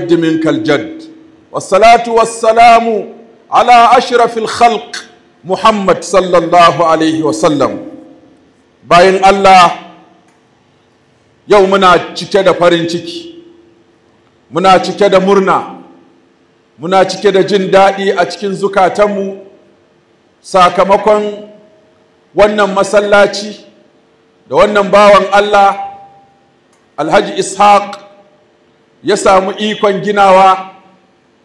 الجد منك الجد والصلاة والسلام على أشرف الخلق محمد صلى الله عليه وسلم باين الله يومنا تكيدا فرنشك منا تكيدا مرنا منا تكيدا جندائي أتكين زكاتمو sakamakon wannan masallaci da wannan bawan Allah Alhaji Ishaq ya samu ikon ginawa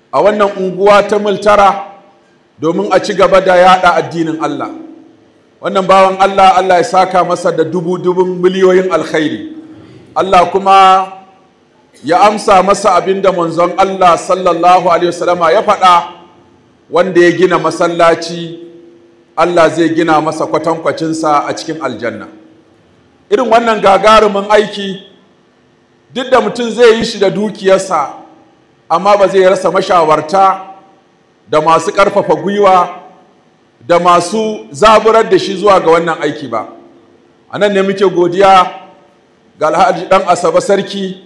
a wannan unguwa ta multara domin a ci gaba da yada addinin Allah wannan bawan Allah Allah ya saka masa da dubu dubun miliyoyin alkhairi Allah kuma ya amsa masa abinda manzon Allah sallallahu alaihi wasallama ya faɗa wanda ya gina masallaci Allah zai gina masa kwatankwacinsa a cikin aljanna irin wannan gagarumin aiki duk da mutum zai yi shi da dukiyarsa amma ba zai rasa mashawarta da masu ƙarfafa gwiwa da masu zaburar da shi zuwa ga wannan aiki ba a nan ne muke godiya ga alhaji ɗan asaba sarki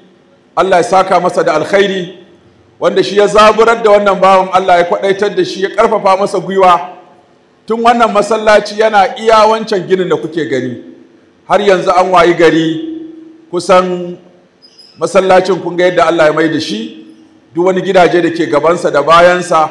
allah ya saka masa da alkhairi wanda shi ya zaburar da wannan bawan allah ya kwaɗaitar da shi ya ƙarfafa masa gwiwa tun wannan masallaci yana iya wancan ginin da kuke gani har yanzu an wayi gari kusan masallacin kun ga yadda Allah ya mai da shi duk wani gidaje da ke gabansa da bayansa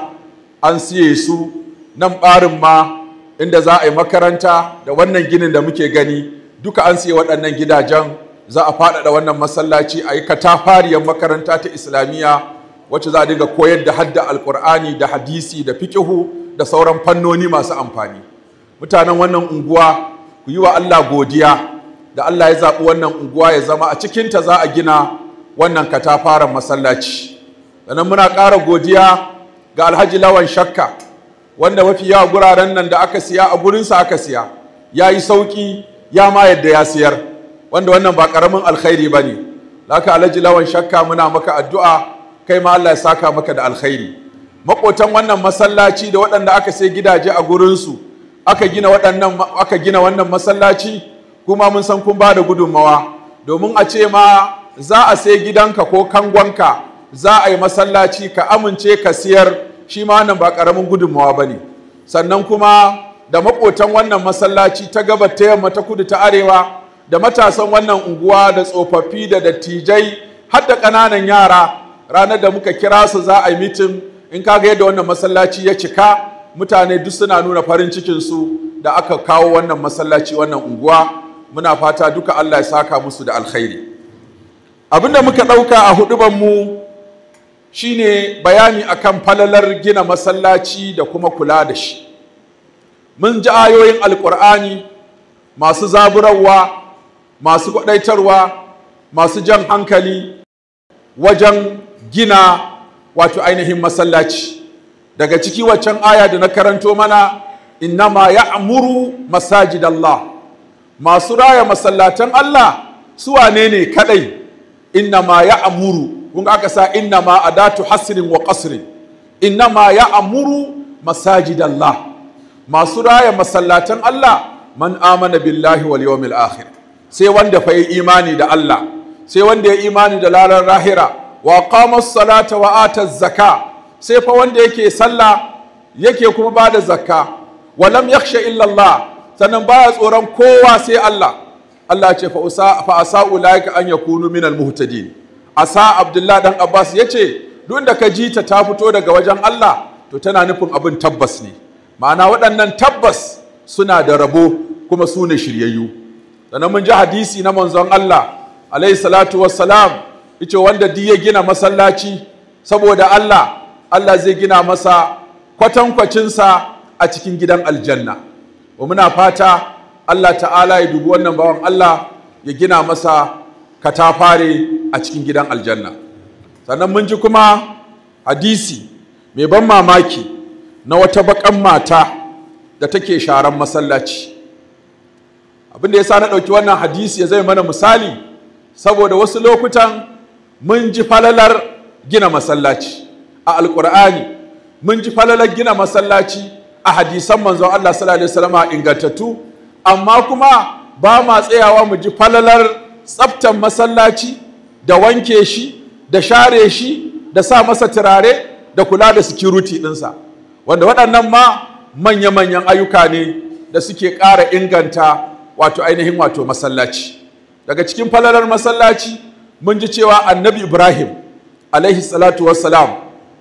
an siye su nan barin ma inda za a yi makaranta da wannan ginin da muke gani duka an siye waɗannan gidajen za a faɗaɗa wannan masallaci a yi katafariyar makaranta ta islamiyya wacce za a dinga koyar da hadda alkur'ani da hadisi da fikihu da sauran fannoni masu amfani mutanen wannan unguwa ku yi wa allah godiya da Allah ya zaɓi wannan unguwa ya zama a cikinta za a gina wannan katafaren masallaci sannan muna ƙara godiya ga alhaji lawan shakka wanda mafi yawa guraren nan da aka siya a gurinsa aka siya ya yi sauƙi ya ma yadda ya siyar wanda wannan ba ƙaramin alkhairi ba ne laka alhaji lawan shakka muna maka addu'a kai ma Allah ya saka maka da alkhairi maƙotan wannan masallaci da waɗanda aka sai gidaje a gurinsu aka gina wannan masallaci kuma mun san kun ba da gudunmawa domin a ce ma za a sai gidanka ko kangonka za a yi masallaci ka amince ka siyar shi ma nan ba ƙaramin gudunmawa ba ne sannan kuma da maƙotan wannan masallaci ta gaba ta yamma ta kudu ta arewa da matasan wannan unguwa da tsofaffi da dattijai har da ƙananan yara ranar da muka kira su za a yi mitin in ka ga yadda wannan masallaci ya cika mutane duk suna nuna farin cikinsu da aka kawo wannan masallaci wannan unguwa muna fata duka Allah ya saka musu da alkhairi abinda muka ɗauka a mu shine bayani akan falalar gina masallaci da kuma kula da shi mun ji ayoyin alkur'ani masu zaburarwa masu kwadaitarwa masu jan hankali wajen gina wato ainihin masallaci daga ciki waccan aya da na karanto mana innama ya'muru masajidallah masu raya masallatan Allah su wanene ne kadai inna ma ya amuru kun aka sa inna ma a datu hasrin wa qasrin inna ma ya amuru masajidallah masu raya masallatan Allah man amana billahi wal yawmil akhir sai wanda fa imani da Allah sai wanda ya imani da larar rahira wa qama salata wa ata zakka sai fa wanda yake sallah yake kuma bada zakka wa lam yakhsha illa Allah sannan baya tsoron kowa sai Allah Allah ce fa usa fa asa ulaika an yakunu min al asa Abdullahi dan abbas yace duk da ka ji ta ta fito daga wajen Allah to tana nufin abin tabbas ne ma'ana waɗannan tabbas suna da rabo kuma su ne shiryayyu sannan mun ji hadisi na manzon Allah alayhi salatu wassalam yace wanda duk ya gina masallaci saboda Allah Allah zai gina masa kwatankwacinsa a cikin gidan aljanna wa muna fata Allah ta'ala ya dubi wannan bawan Allah ya gina masa katafare a cikin gidan aljanna sannan mun ji kuma hadisi mai ban mamaki na wata bakan mata da take sharan masallaci abin da ya sa na ɗauki wannan hadisi ya zai mana misali saboda wasu lokutan mun ji falalar gina masallaci a alkur'ani mun ji falalar gina masallaci a hadisan manzon Allah sallallahu alaihi wasallam ingantattu amma kuma ba ma tsayawa mu ji falalar tsaftan masallaci da wanke shi da share shi da sa masa turare da kula da security ɗinsa wanda waɗannan ma manya-manyan ayyuka ne da suke ƙara inganta wato ainihin wato masallaci daga cikin falalar masallaci mun ji cewa annabi ibrahim alaihi salatu wassalam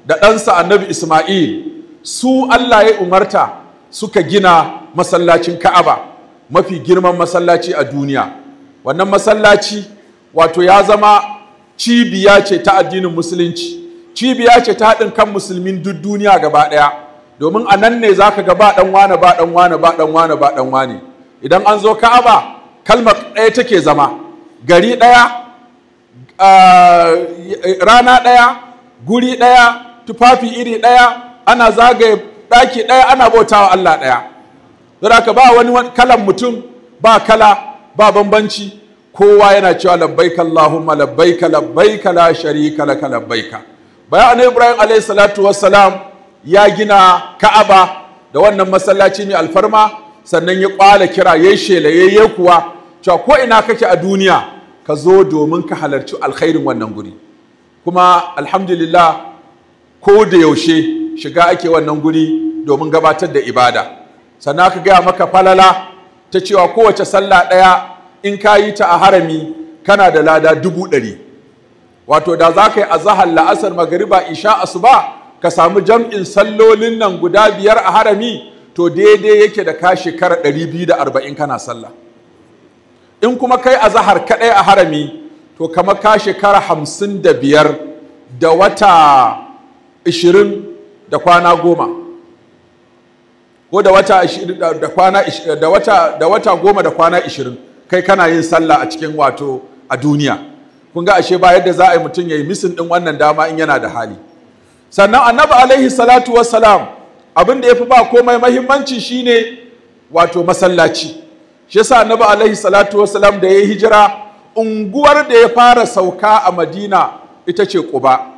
da ɗansa annabi isma'il su Allah ya umarta suka gina masallacin Ka'aba mafi girman masallaci a duniya wannan masallaci wato ya zama cibiya ce ta addinin musulunci cibiya ce ta haɗin kan musulmin duk duniya gaba ɗaya domin a nan ne za ka ga ba ɗan wane ba ɗan wane ba ɗan wane ba ɗan wane idan an zo Ka'aba kalmar ɗaya take zama gari ɗaya ah, rana ɗaya guri ɗaya tufafi iri ɗaya ana zagaye ɗaki ɗaya ana bautawa Allah ɗaya saboda ba wani kalan mutum ba kala ba bambanci kowa yana cewa labbaika Allahumma labbaika labbaika la sharika laka labbaika bayan Ibrahim alayhi salatu wassalam ya gina Ka'aba da wannan masallaci mai alfarma sannan ya kwala kira yayi shela yayi kuwa cewa ko ina kake a duniya ka zo domin ka halarci alkhairin wannan guri kuma alhamdulillah ko da yaushe shiga ake wannan guri domin gabatar da ibada sannan aka gaya maka falala ta cewa kowace sallah ɗaya in ka yi ta a harami kana da lada dubu ɗari wato da za ka yi azahar la'asar magariba isha asuba ka samu jam'in sallolin nan guda biyar a harami to daidai yake da ka shekara ɗari biyu da arba'in kana sallah in kuma kai a zahar kaɗai a harami to kama ka shekara hamsin da biyar da wata ishirin da kwana goma ko da wata goma da kwana ishirin kai kana yin sallah a cikin wato a duniya kun ga ashe ba yadda za a yi mutum ya yi misin din wannan dama in yana da hali sannan annabi alaihi salatu wassalam abin da ya fi ba komai mahimmanci shine wato masallaci shi yasa annabi alaihi salatu wassalam da ya yi hijira unguwar da ya fara sauka a madina ita ce quba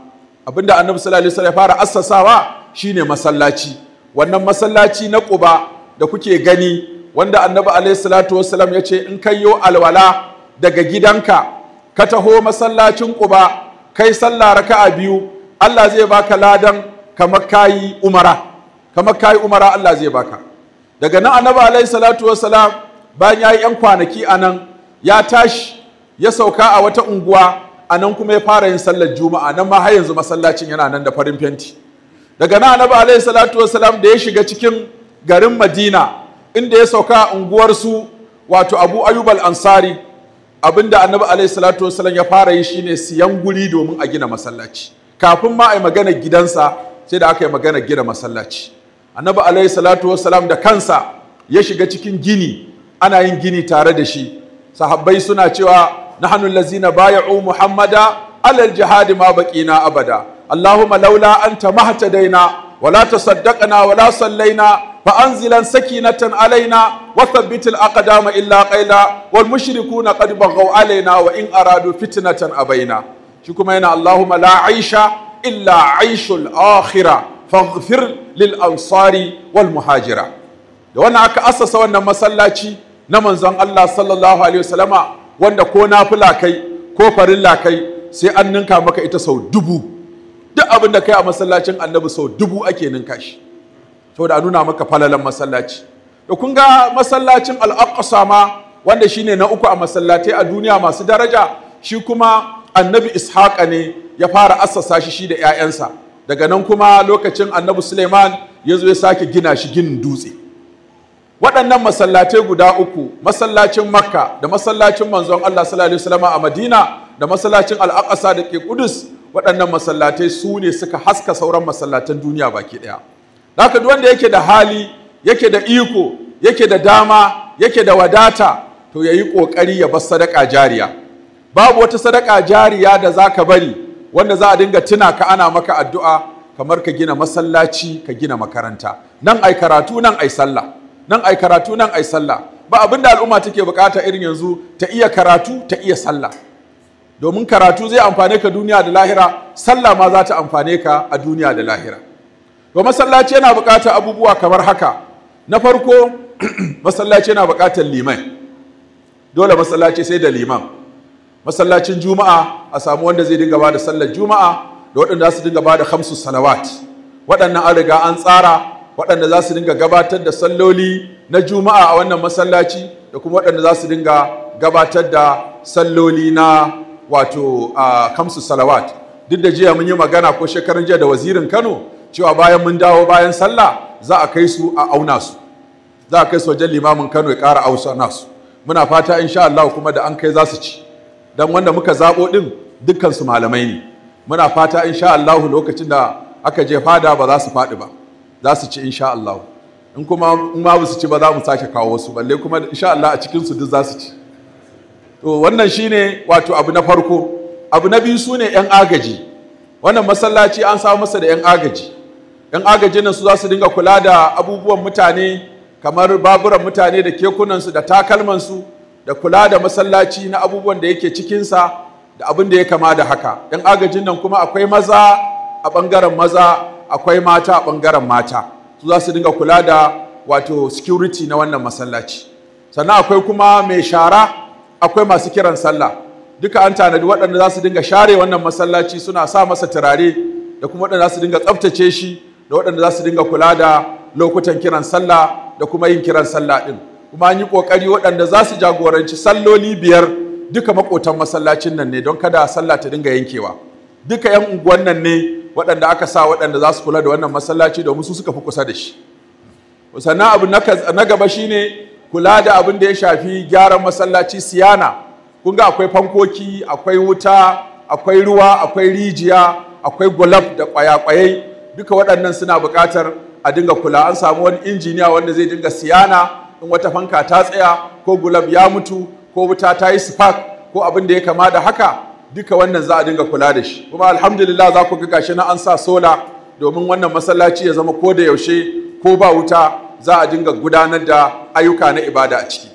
abinda annabi sallallahu alaihi wasallam ya fara assasawa shine masallaci wannan masallaci na Quba da kuke gani wanda annabi alaihi salatu wasallam ya ce in kai yo alwala daga gidanka ka taho masallacin Quba kai sallah raka'a biyu Allah zai baka ladan kamar kayi umara kamar kai umara Allah zai baka daga nan annabi alaihi salatu wasallam bayan yayi yan kwanaki anan ya tashi ya sauka a wata unguwa a nan kuma ya fara yin sallar juma'a nan ma har yanzu masallacin yana nan da farin fenti daga nan annabi alaihi salatu wasalam da ya shiga cikin garin madina inda ya sauka a unguwarsu wato abu ayyub al-ansari abinda annabi alaihi salatu wasalam ya fara yi shine siyan guri domin a gina masallaci kafin ma a yi magana gidansa sai da aka yi magana gina masallaci annabi alaihi salatu wasalam da kansa ya shiga cikin gini ana yin gini tare da shi sahabbai suna cewa nahnu allazina bay'u muhammada alal jihadi ma baqina abada allahumma laula anta mahtadaina wala tasaddaqna wala sallaina فأنزلا سكينة علينا وثبت الأقدام إلا قيلا والمشركون قد بغوا علينا وإن أرادوا فتنة أبينا شكما هنا اللهم لا عيش إلا عيش الآخرة فاغفر للأنصار والمهاجرة وانا أكا أسس وانا مسلاتي نمن زن الله صلى الله عليه وسلم wanda ko na fi kai ko farin kai sai an ninka maka ita sau dubu duk abin da kai a masallacin annabi sau dubu ake ninka shi To da nuna maka falalan masallaci da kun ga masallacin al'aqsa ma wanda shine na uku a masallatai a duniya masu daraja shi kuma annabi ishaqa ne ya fara assasa shi shi da 'ya'yansa daga nan kuma lokacin annabi suleiman ya zo ya sake gina shi ginin dutse waɗannan masallatai guda uku masallacin makka da masallacin manzon allah sallallahu alaihi a madina da masallacin al'aqasa da ke kudus waɗannan masallatai su ne suka haska sauran masallatan duniya baki ɗaya haka duk wanda yake da hali yake da iko yake da dama yake da wadata to yayi ƙoƙari ya bar sadaka jariya babu wata sadaka jariya da zaka bari wanda za a dinga tuna ka ana maka addu'a kamar ka gina masallaci ka gina makaranta nan ai karatu nan ai sallah nan ai karatu nan ai sallah ba abin da al'umma take bukata irin yanzu ta iya karatu ta iya sallah domin karatu zai amfane ka duniya da lahira sallah ma za ta amfane ka a duniya da lahira to masallaci yana bukata abubuwa kamar haka na farko masallaci yana bukatar liman dole masallaci sai da liman masallacin juma'a a samu wanda zai dinga bada sallar juma'a da waɗanda za su dinga bada hamsu salawat waɗannan an riga an tsara waɗanda za su dinga gabatar da salloli na juma'a a wannan masallaci da kuma waɗanda za su dinga gabatar da salloli na wato a kamsu salawat duk da jiya mun yi magana ko shekaran jiya da wazirin kano cewa bayan mun dawo bayan sallah za a kai su a auna su za a kai su wajen limamin kano ya ƙara ausa nasu muna fata insha Allah kuma da an kai za su ci dan wanda muka zaɓo ɗin dukkan su malamai ne muna fata insha Allah lokacin da aka je fada ba za su faɗi ba za su ci insha Allah in kuma in ma ba su ci ba za mu sake kawo wasu balle kuma insha Allah a cikin su duk za su ci to wannan shine wato abu na farko abu na biyu sune yan agaji wannan masallaci an samu masa da yan agaji yan agaji nan su za su dinga kula da abubuwan mutane kamar baburan mutane da kekunansu da takalman su da kula da masallaci na abubuwan da yake cikinsa da abin da ya kama da haka yan agajin nan kuma akwai maza a ɓangaren maza akwai mata a ɓangaren mata su za su dinga kula da wato security na wannan masallaci sannan akwai kuma mai shara akwai masu kiran sallah duka an tanadi waɗanda za su dinga share wannan masallaci suna sa masa turare da kuma waɗanda za su dinga tsaftace shi da waɗanda za su dinga kula da lokutan kiran sallah da kuma yin kiran sallah ɗin kuma an yi ƙoƙari waɗanda za su jagoranci salloli biyar duka maƙotan masallacin nan ne don kada sallah ta dinga yankewa duka 'yan unguwan nan ne waɗanda aka sa waɗanda za su kula da wannan masallaci domin su suka fi kusa da shi sannan abu na gaba shine kula da abin da ya shafi gyaran masallaci siyana kun ga akwai fankoki akwai wuta akwai ruwa akwai rijiya akwai gulab da kwayakwaye duka waɗannan suna buƙatar a dinga kula an samu wani injiniya wanda zai dinga siyana in wata fanka ta tsaya ko gulab ya mutu ko wuta ta yi spark ko abin da ya kama da haka duka wannan za a dinga kula da shi kuma alhamdulillah za ku ga gashi na an sa sola domin wannan masallaci ya zama ko da yaushe ko ba wuta za a dinga gudanar da ayyuka na ibada a ciki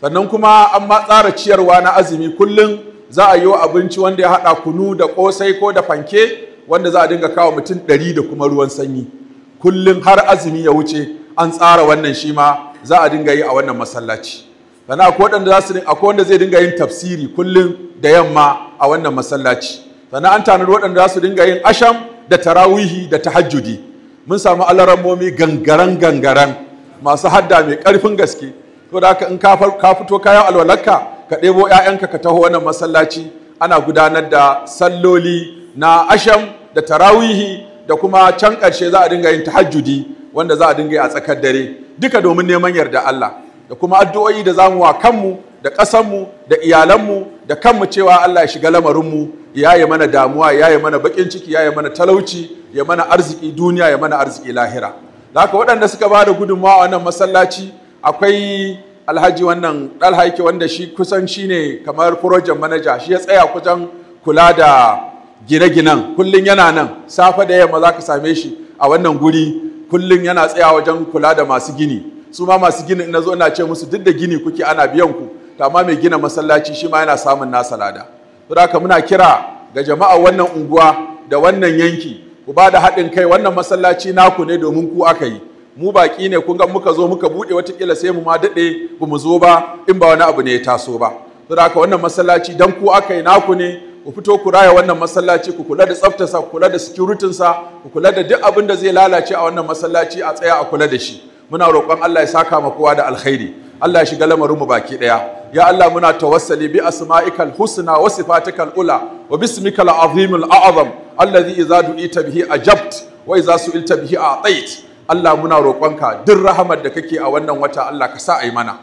sannan kuma an ma tsara ciyarwa na azumi kullum za a yi wa abinci wanda ya haɗa kunu da kosai ko da fanke wanda za a dinga kawo mutum ɗari da kuma ruwan sanyi kullum har azumi ya wuce an tsara wannan shi ma za a dinga yi a wannan masallaci sannan akwai waɗanda za su akwai wanda zai dinga yin tafsiri kullum da yamma a wannan masallaci sannan an tanar waɗanda za su dinga yin asham da tarawihi da tahajjudi mun samu alarammomi gangaran-gangaran masu hadda mai ƙarfin gaske to da haka in ka fito kayan alwalarka ka ɗebo 'ya'yanka ka taho wannan masallaci ana gudanar da salloli na asham da tarawihi da kuma can ƙarshe za a dinga yin tahajjudi wanda za a dinga yi a tsakar dare duka domin neman yarda Allah da kuma addu'o'i da za mu wa kanmu da ƙasanmu da iyalanmu da kanmu cewa Allah ya shiga lamarinmu ya yi mana damuwa ya yi mana baƙin ciki ya yi mana talauci ya mana arziki duniya ya mana arziki lahira haka waɗanda suka ba da gudunmawa a wannan masallaci akwai alhaji wannan ɗalhaiki wanda shi kusan shi ne kamar project manaja, shi ya tsaya kusan kula da gine-ginen kullum yana nan safe da yamma za ka same shi a wannan guri kullum yana tsaya wajen kula da masu gini su ma masu gini ina zo ina ce musu duk da gini kuke ana biyan ku to amma mai gina masallaci shi ma yana samun nasa lada to haka muna kira ga jama'a wannan unguwa da wannan yanki ku ba da haɗin kai wannan masallaci naku ne domin ku aka yi mu baƙi ne kun ga muka zo muka buɗe wata kila sai mu ma daɗe ba mu zo ba in ba wani abu ne ya taso ba to haka wannan masallaci dan ku aka yi naku ne ku fito ku raya wannan masallaci ku kula da tsaftarsa ku kula da sa ku kula da duk abin da zai lalace a wannan masallaci a tsaya a kula da shi muna roƙon Allah ya saka ma kowa da alkhairi Allah ya shiga lamarin mu baki daya ya Allah muna tawassali bi asma'ikal husna wa sifatikal ula wa bismikal azimul a'zam alladhi idza du'ita bihi ajabt wa idza su'ilta bihi a'tait Allah muna roƙonka duk rahamar da kake a wannan wata Allah ka sa a yi mana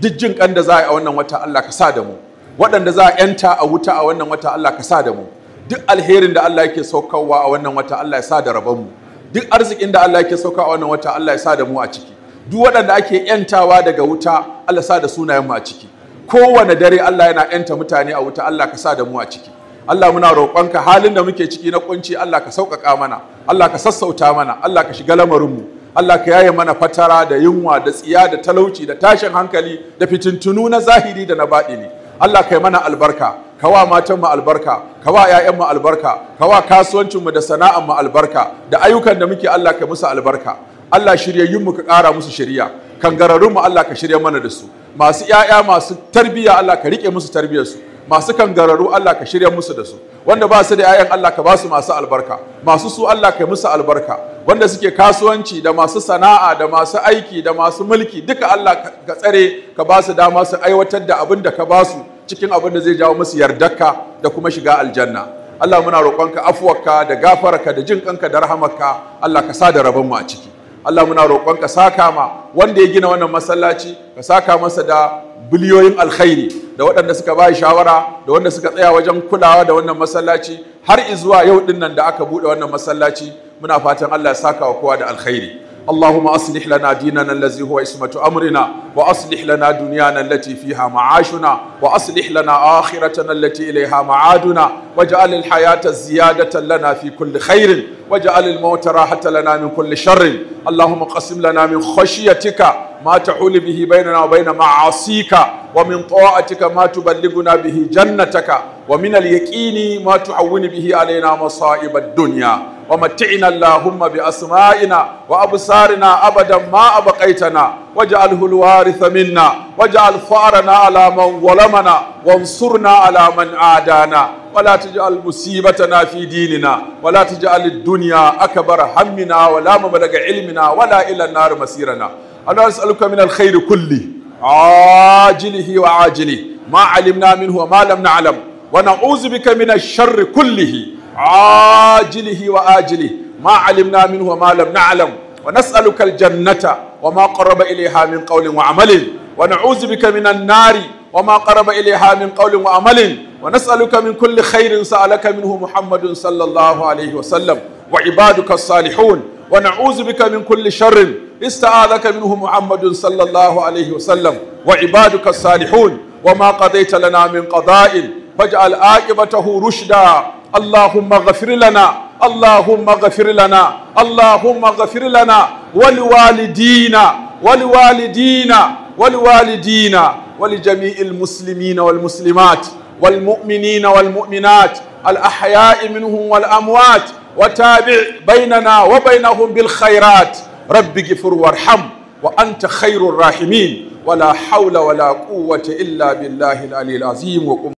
duk jin kan da za a yi a wannan wata Allah ka sa da mu waɗanda za a yanta a wuta a wannan wata Allah ka sa da mu duk alherin da Allah yake saukarwa a wannan wata Allah ya sa da rabon mu duk arzikin da Allah yake sauka a wannan wata Allah ya sa da mu a ciki duk waɗanda ake yantawa daga wuta Allah sa da sunayen mu a ciki kowane dare Allah yana yanta mutane a wuta Allah ka sa da mu a ciki Allah muna roƙonka halin da muke ciki na kunci Allah ka sauƙaƙa mana Allah ka sassauta mana Allah ka shiga lamarin mu Allah ka yaye mana fatara da yunwa da tsiya da talauci da tashin hankali da fitintunu na zahiri da na baɗini Allah ka yi mana albarka kawa matanmu albarka kawa ‘ya'yanmu albarka kawa kasuwancinmu da sana'anmu albarka da ayyukan da muke Allah ka musu albarka Allah shiryayyunmu ka ƙara musu shirya kangararrunmu Allah ka shirya mana da su masu ‘ya'ya masu tarbiyya Allah ka riƙe musu tarbiyyarsu masu kangararru Allah ka shirya musu da su wanda ba su da ‘ya'yan Allah ka ba su masu albarka masu su Allah ka musu albarka wanda suke kasuwanci da masu sana'a da masu aiki da masu mulki duka Allah ka tsare ka ba su dama su aiwatar da abin da ka ba su cikin abin da zai jawo musu yardarka da kuma shiga aljanna Allah muna roƙonka afuwarka da gafararka da jin kanka da rahamarka Allah ka sa da rabon mu a ciki Allah muna roƙonka saka ma wanda ya gina wannan masallaci ka saka masa da biliyoyin alkhairi da waɗanda suka bayi shawara da wanda suka tsaya wajen kulawa da wannan masallaci har zuwa yau dinnan da aka buɗe wannan masallaci muna fatan Allah ya saka wa kowa da alkhairi اللهم أصلح لنا ديننا الذي هو اسمة أمرنا وأصلح لنا دنيانا التي فيها معاشنا وأصلح لنا آخرتنا التي إليها معادنا واجعل الحياة زيادة لنا في كل خير واجعل الموت راحة لنا من كل شر اللهم قسم لنا من خشيتك ما تحول به بيننا وبين معاصيك ومن طاعتك ما تبلغنا به جنتك ومن اليقين ما تحول به علينا مصائب الدنيا ومتعنا اللهم بأسمائنا وأبصارنا أبدا ما أبقيتنا واجعله الوارث منا واجعل فأرنا على من ظلمنا وانصرنا على من عادانا ولا تجعل مصيبتنا في ديننا ولا تجعل الدنيا أكبر همنا ولا مبلغ علمنا ولا إلى النار مسيرنا أنا أسألك من الخير كله عاجله وعاجله ما علمنا منه وما لم نعلم ونعوذ بك من الشر كله ajilihi wa ajili ma alimna minhu wa ma na'lam wa nas'aluka aljannata wa ma qaraba ilayha min qawlin wa kulli khairin sa'alaka minhu Muhammadun sallallahu alayhi sharrin استعاذك منه محمد صلى الله عليه وسلم وعبادك الصالحون وما قضيت لنا من قضاء فاجعل عاقبته رشدا اللهم اغفر لنا اللهم اغفر لنا اللهم اغفر لنا ولوالدينا ولوالدينا ولوالدينا ولجميع المسلمين والمسلمات والمؤمنين والمؤمنات الأحياء منهم والأموات وتابع بيننا وبينهم بالخيرات رب اغفر وارحم وأنت خير الراحمين ولا حول ولا قوة إلا بالله العلي العظيم